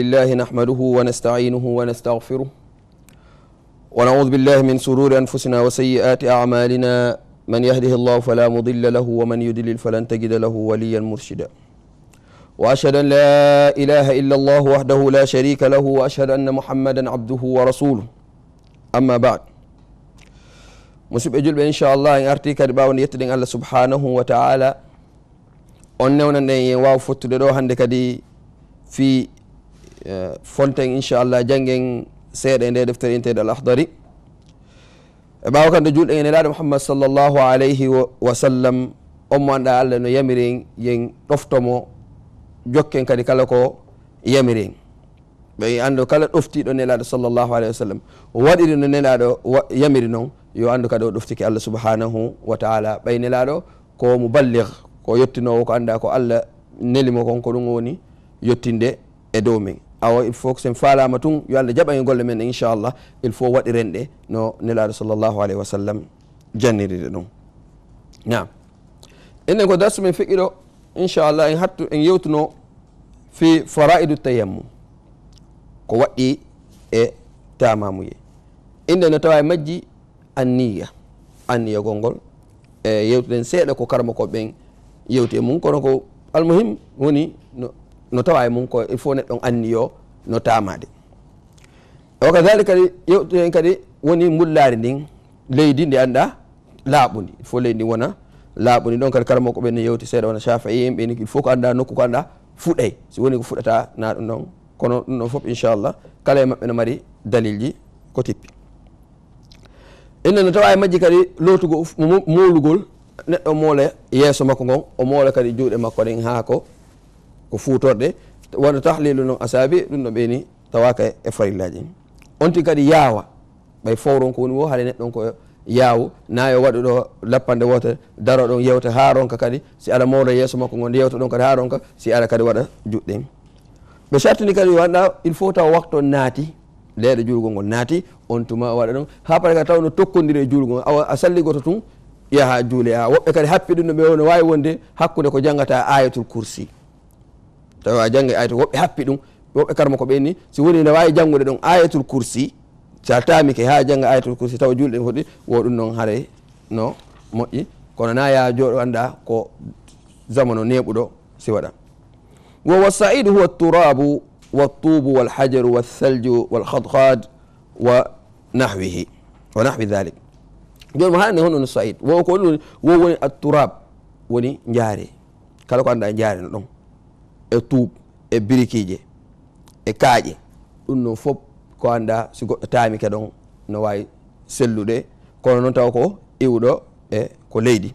الله نحمده ونستعينه ونستغفره ونعوذ بالله من سرور أنفسنا وسيئات أعمالنا من يهده الله فلا مضل له ومن يدلل فلن تجد له وليا مرشدا وأشهد أن لا إله إلا الله وحده لا شريك له وأشهد أن محمدا عبده ورسوله أما بعد مسيب أجل إن شاء الله إن أرتيك ɓawde يتدين الله سبحانه وتعالى أنه on newnanɗen en waw Eh, fonten inchallah jangen seeɗa e nde deftere intede al ahdari e ɓawa kamde julɗe en elaɗo mouhammad sallllahu alayhi wa sallam on mo anɗa allah no yamiren yen ɗoftomo jokken kadi kala ko yamiren ɓe anndu kala ɗoftiɗo nelaɗo sallllahu alayhi wa sallam waɗiri no nelaɗo yamiri noon yo anndu kadi o ɗoftiki allah subahanahu wa taala ɓay nelaɗo ko mo balligue ko yettinowo ko annda ko allah nelimo kon ko ɗum o woni yettinde e dow min awa il faut sen falama tun yo allah jaɓan e golle men inchallah il faut waɗirenɗe no nelaɗo sallllahu alayhi wa sallam jannirire ɗum nam enen ko darsu men feqiɗo inchallah en hattu en yewtuno fi faraidu tayammu ko waɗɗi e tamamuye inde no tawa e majji anniya anniya golngol e yewtuɗen seeɗa ko karma ko ɓen yewti e mum kono ko almuhim woni no tawa e mum ko il faut neɗɗon anniyo no tamade o kadali kadi yewtuen kadi woni mullari ndin leydi ndi anda laaɓudi il faut leydi ndi wona laaɓudi ɗon kadi karamo koɓe ne yewti seeɗa wona chafai yimɓe ni il faut ko anda nokku ko anda fuɗay so woni ko fuɗata na ɗum ɗon kono ɗum ɗon fof inchallah kala e maɓɓe no mari dalil ji ko tippi inne no tawa e majji kadi lotugo moolugol neɗɗo moola yesso makko ngon o moola kadi juuɗe makko ɗen ha ko ko futorɗe wono tahlilu no asabi ɗum no ɓeyni tawaka e farillaji on ti kadi yaawa ɓay fowron ko woni wo haade neɗɗon ko yaawu nayo waɗu ɗo lappanɗe wota daro ɗon yewta ha ronka kadi si ala mawɗo yesso makko go nde yewta ɗon kadi ha ronka si ala kadi waɗa juɗɗe ɓe sattini kadi wanɗa il faut taw waktu naati leyɗo julgol ngol naati on tuma waɗa ɗon ha pare kadi taw no tokkodiri e julgol aw a salligoto tun yaha juule a woɓɓe kadi happi ɗum no ɓe no wawi wonde hakkude ko janggata ayatul coursi tawi a jangge ayat woɓɓe happi ɗum woɓɓe karma ko ɓenni si woni ne wawi janggude ɗon ayatul coursi sa tamike ha jangga ayatul coursi taw julɗe foɗi wo ɗum noon haare no moƴƴi kono na ya jooɗo anda ko zamano neɓuɗo si waɗa wo wa saidu huwa turabu waltubu walhajaru walthalju walhadhad wa nahwihi wa nahwi dhalik joni mo haalande honono said wo ko woni woni atturab woni jaare kala ko anda jaare no ɗon e tuub e birikiije e kaaƴe ɗum noon fof ko annda si goɗɗo taamike ɗon no waawi sellude kono noon taw ko iwɗo e ko leydi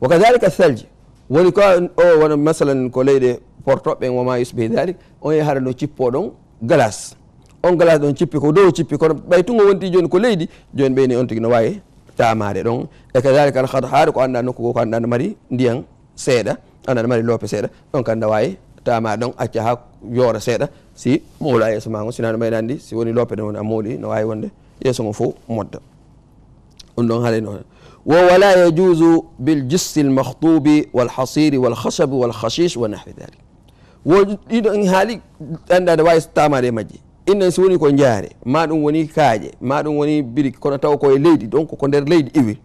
wa kadalika salje woni ko o wona masalan ko leyde portoɓɓe woma usbe dalik on yahara no cippo ɗon glace on glace ɗon cippi ko dow cippi kono ɓay tungo wonti joni ko leydi joni ɓeyni on tigi no wawi tamade ɗon e kadalika ad haade ko annda nokku go ko annda no mari ndiyan seeɗa annda no mari loope seeɗa ɗon kannda wawi tama ɗon acca ha yoora seeɗa si moola yeeso ma go sinano mayɗandi si woni lope ɗon a mooli no wawi wonde yeeso ngo fo modda ɗum ɗon haalay noon wo wala yajuse bil jisse l mahtubi walhasiri walhasabe walhashish wa nahwi dalik wo ɗiɗon haali anndade wawi tamade majji innen si woni ko jaare ma ɗum woni kaaƴe ma ɗum woni brik kono taw koye leydi donc ko nder leydi iwi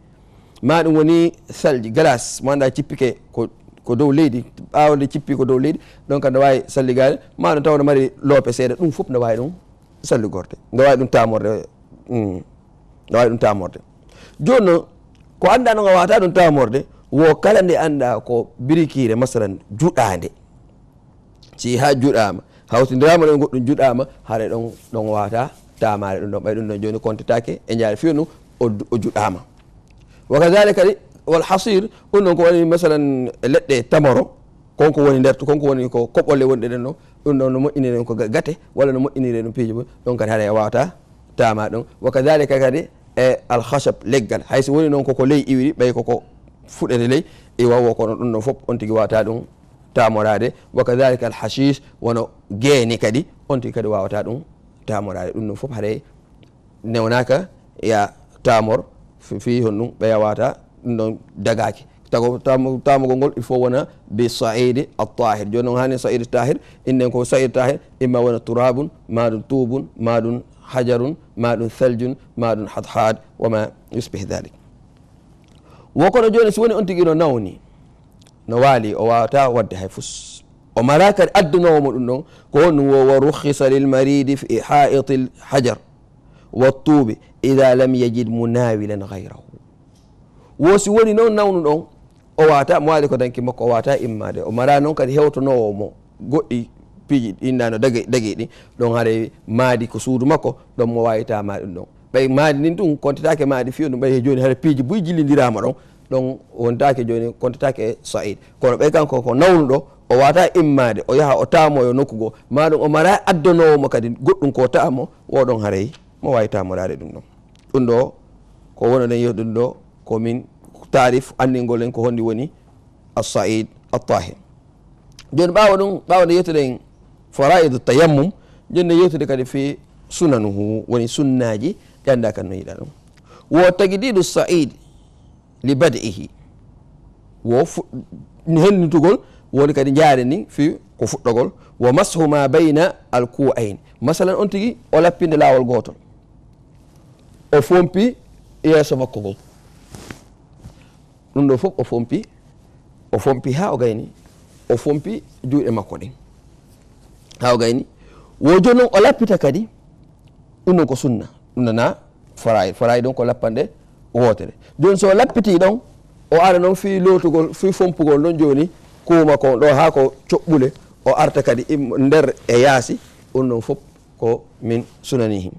ma ɗum woni salji glace mo anda cippike ko ko dow leydi ɓawo nde cippi ko dow leydi donc nde wawi salligade maɗum taw ne mari loope seeɗa ɗum foof nde wawi ɗum salligorde nde wawi ɗum tamorde mm, nde wawi ɗum tamorde joni noon ko anda noga wata ɗum tamorde wo kala nde anda ko birikire masalan juɗade si ha juɗama hawtidirama ɗon goɗɗum juɗama haɗa ɗon ɗon wata tamare ɗum ɗon ɓay ɗum ɗon joni contetake e jaare fewnu o juɗama wakazali kadi walhasir ɗum ɗon ko wani masalan leɗɗe tamoro konko woni nder konko woni ko koɓɓolle wonɗe ɗen ɗo ɗum ɗon no moƴƴinire ɗum ko gate walla no moƴƴinire ɗum piijo ɗon kadi haɗa e wawata tama ɗon wa kadalika kadi e alhasab leggal hayso woni noon koko ley iwiri ɓay koko fuɗere ley e wawwo kono ɗum ɗon foof on tigui wawata ɗum tamorade wa kadalika alhasis wono gueene kadi on tigui kadi wawata ɗum tamorade ɗum ɗon foof haɗa e newnaka ya tamor fi hon ɗum ɓaya wawata ɗum dagaki tago tamugol ngol il faut wona bi saidi altahir joni noon hani saidi tahir innen ko saidi tahir imma wona turabun maɗum tubun maɗum hajarun maɗum thaljun maɗum hadhad wama yusbih dhalik wokono joni so woni on tigui no nawni no waali o wawata wadde hay fus o mala kadi addunowomo ɗum ɗon ko honɗum wo wa rukhisa lilmaridi fi haiti l hajar wa tuubi ida lam yajid munawilan gayrahu woosi woni noon nawnu ɗon o wata mo waɗi ko danki makko o wata immade o mara noon kadi hewtonowo mo goɗɗi piiji ɗinnano dagui ɗi ɗon haɗa maadi ko suudu makko ɗon mo wawitama ɗum ɗon ɓay maadi ndin tun kontatake maadi fiyo ɗum ɓay e joni haɗa piiji buy jillidirama ɗon ɗon wontake joni kontatake saïd kono ɓay kanko ko nawnu ɗo o wata immade o yaaha o tamoyo nokku go maɗum o mara addanowomo kadi goɗɗum ko tamo woɗon haaray mo wawitamoɗade ɗum ɗon ɗum ɗo ko wonoɗen yeh ɗum ɗo komin tarif anndingol en ko honndi woni assaid attahir joni ɓaawa ɗum ɓaawa nde yettuɗen faraid tayammum joni nde yewtude kadi fe sunanuhu woni sunnaji ɗannda kan no yiɗa ɗum wo tagdiɗu said li badihi wo hennitugol woni kadi jaare ni fi ko fuɗɗogol wa mashu ma bayna al ku'ain masalan on tigi o lappinde laawol gootol o fompi yeeso makko ngol ɗum ɗo fof o fompi o fompi ha o gayni o fompi juuɗe makko ɗin ha o gayni wo joni noon o lappita kadi ɗum ɗon ko sunna ɗum nana farayi farayi ɗon ko lappanɗe wootere joni so o lappiti ɗon o ara noon fi lootugol fi fompugol ɗon joni kuma kon ɗo ha ko coɓɓule o arta kadi nder e yaasi ɗum ɗon fof ko min sunani him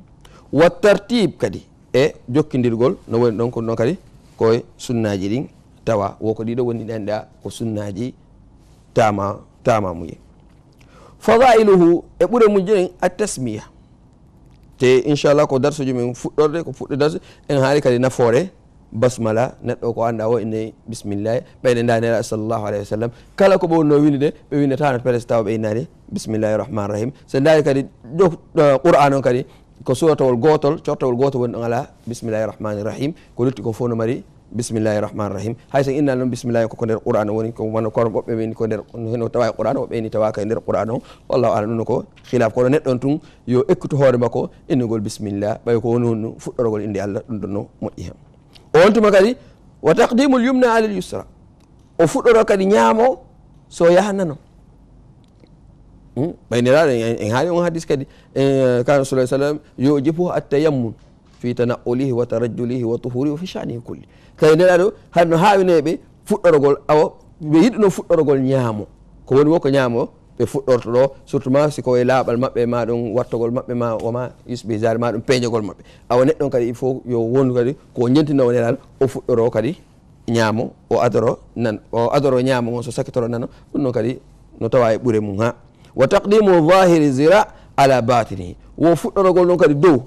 wa tartibe kadi e jokkidirgol no woni ɗon ko ɗon kadi koye sunnaji ɗin tawa woko ɗiɗo woni ɗanɗa ko sunnaji tama tamamuye fadailuhu e ɓuure mum joni a tasmiya te inchallah ko darso jumen fuɗɗorde ko fuɗɗo darso en haali kadi nafoore basmala neɗɗo ko annda o ene bisimillah ɓeyne ndanera salllahu alah wa sallam kala ko ɓewonno winde de ɓe windetano prese tawa ɓeynani bisimillahi rahmani rahim so ndari kadi ɗo qur'an on kadi ko suratawol gotol cortawol gotol woni ɗon ala bisimillahi rahmani rahim ko lutti ko fof no mari bisimillahi rahmani rahim hay so innani noon bisimillahi koko nder qouran o woni kono woɓɓe ɓeni ko nder no tawa e qouran woɓɓe ni tawaka e nder qouran o wallahu alam ɗum ko hilaf kono neɗɗon tun yo ekkuto hoore makko innugol bisimillah ɓay ko woni honno fuɗɗorogol inde allah ɗum ɗon no moƴƴi hen on tuma kadi wa taqdimu lyumna alal yusra o fuɗɗoro kadi ñaamo so yahannano hmm? ɓayniraɗo en haali on hadis kadi eh, kan sa sallam yo jipo attayammum fi tanaulihi wa tarajulihi wa tuhurihi fi shanihi kulli kadi nde aɗo hayno haawineɓe fuɗɗorogol awa ɓe yiɗi no fuɗɗorogol ñaamo ko woni woko ñaamo ɓe fuɗɗorto ɗo surtout ma si ko e laaɓal maɓɓe ma ɗum wattogol maɓɓe ma woma usbisare ma ɗum peeñogol maɓɓe awa neɗɗon kadi il faut yo wondu kadi ko jentinowo nelal o fuɗɗoro kadi ñaamo o adoro nan o adoro ñaamo on so sakitoro nano ɗum noon kadi no tawa e ɓure mum ha wa taqdimu zahiri zira ala batinihi wo fuɗɗorogol noon kadi dow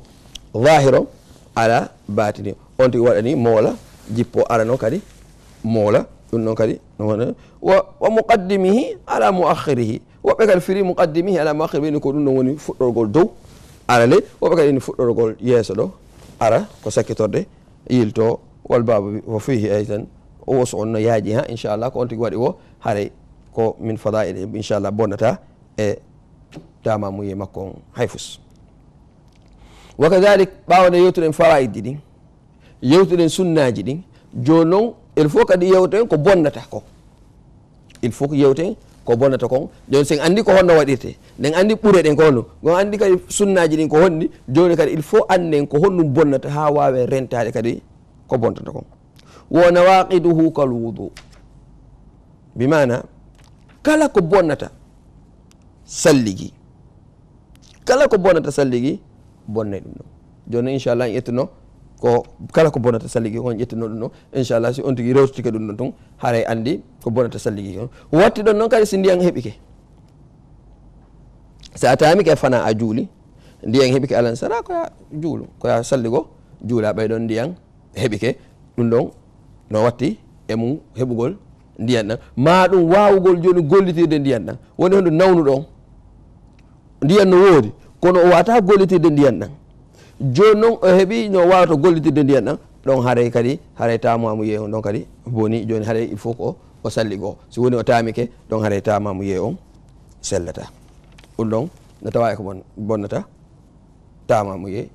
zahir o ala batini on tigi waɗani moola jippo ara noon kadi moola ɗum noon kadi wa muqaddimihi ala muakhirihi woɓɓe kadi firi muqaddimihi ala muakhiri ni ko ɗum noon woni fuɗɗorgol dow ara ley woɓɓe kadi ni fuɗɗorgol yeeso ɗo ara ko sakkitorde yilto wal baba o fihi ay tan wosoon no yaaji ha inchallah ko on tigi waɗi o haray ko min fadail e, inchallah bonnata e dama muye makko on hayfus wa kadalik ɓawade yewtuɗen fawayid ɗi ɗin yewtuɗen sunnaji ɗin joni noon il faut kadi yewten ko bonnata ko il faut yewten ko bonnata kon joni sen andi ko honno waɗirte nden andi ɓuure ɗen ko honno gon andi kadi sunnaji ɗin ko honni joni kadi il faut annden ko honnum bonnata ha wawe rentade kadi ko bonnata kon wo nawaqiduhu kal wudo bimana kala ko bonnata salligi kala ko bonnata salligi bonnay ɗum ɗo joni inchallah en ƴettuno ko kala ko bonata salligi on ƴettuno ɗum ɗo inchallah si on tigui rewtotike ɗum ɗo tun haray andi ko bonata salligi on watti ɗon noon kadi si ndiyan heeɓike sa tamike fana a juuli ndiyan heeɓike alan sara koya juulu koya salligo juula ɓay ɗon ndiyan heeɓike ɗum ɗon no watti e mum heɓugol ndiyan ɗan ma ɗum wawugol joni gollitirde ndiyan ɗan woni hondu nawnu ɗon ndiyan no woodi kono o wata gollitirde ndiyan ɗan joni noon o heeɓi no wawata gollitirde ndiyan ɗan ɗon haaray kadi haaray tamamu yeyon ɗon kadi boni joni haaray il faut ko o salligo si woni o tamike ɗon haaray tamamu yey on sellata ɗum ɗon no tawa e ko bonnata tamamu yey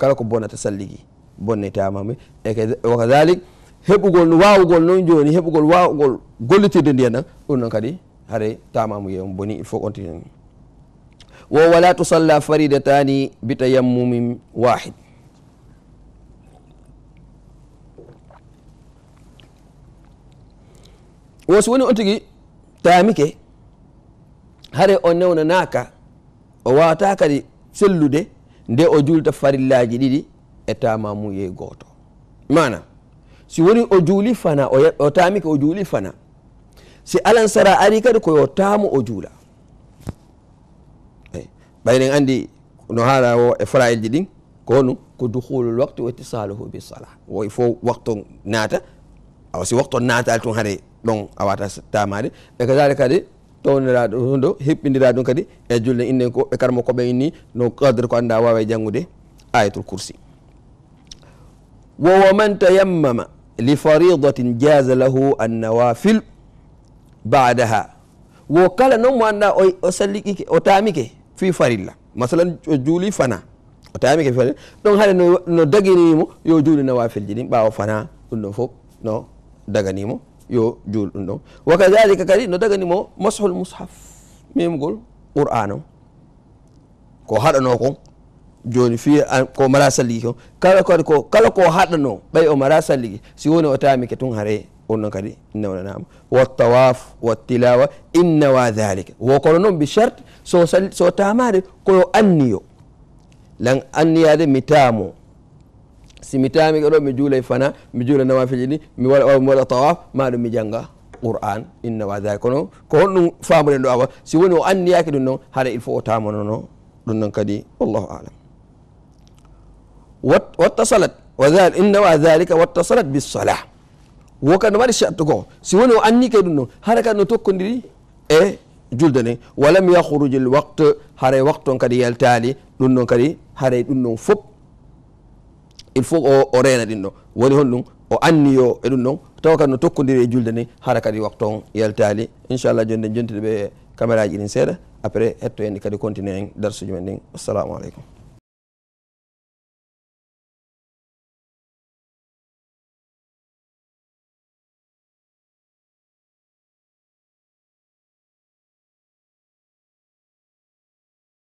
kala ko bonnata salligi bonne tamamu e, e wa kadalik heɓugol wawugol noon joni heɓugol wawugol gollitirde ndiyan ɗan ɗum noon kadi haaray tamamu yey on boni il faut kontinue wo wala tusalla faridatani bitayammumin wahid wosi woni on tigi tamike hare o newna naka o wawata kadi sellude nde o julta farillaji ɗiɗi e tamamuye goto mana si woni o juuli fana o tamike o juuli fana si alansara ari kadi koyo tamo o juula ɓay en anndi no haala o e fraile ji ɗin ko honu ko duhulul waktu wa tisaluhu bi sala o il faut waktu naata awa si waktu naatal tun hare ɗon a wata tamade e kadali kadi townoraɗo ondo heɓɓidira ɗum kadi e julde innen ko e karmo koɓe inni no cadre ko annda wawa janngude ayatul coursi wowo man tayammama li faridatin jasa lahu an nawafil badaha wo kala noon mo annda o salliqike o tamike fi farilla masalan o juuli fana o tawami ke fari ɗon haade no daganimo yo juuli nawa feljini ɓawa fana ɗum ɗon fof no daganimo yo juul ɗum ɗon wa kadalika kadi no daganimo mashul mushaf memgol qur'an o ko haɗano kon joni fi ko mara salligui ko kala kadi ko kala ko haɗano ɓay o mara salligui si woni o tawami ke tun haare قلنا كدي إنما نعم والطواف والتلاوة إنما ذلك وقلنا بشرط سو سو تامار كو أنيو لأن أني هذا متامو simitami ko ɗo mi juulay fana mi juula nawafiji ɗi mi waɗa mi waɗa tawaf maɗum mi janga qur'an inna wa dhalik kono ko honɗum famuɗen ɗo awa si woni o anniyaki ɗum noon haɗa il faut o tamanono ɗum noon kadi wallahu alam wattasalat wa inna wa dhalika wattasalat bisalah woka no waɗi charte ko si woni o anni kay ɗum noon hara kadi no tokkodiri e julde nde walam yahruj lwaqt haray waqte on kadi yaltali ɗum noon kadi haray ɗum noon foof il faut o reena ɗin ɗo woni hon ɗum o anniyo e ɗum noon tawa kadi no tokkodiri e julde ni hara kadi waqte on yaltali inchallah joni nde jontide ɓe caméra ji ɗin seeɗa après hetto hende kadi continue en darsuji men ɗin assalamu aleykum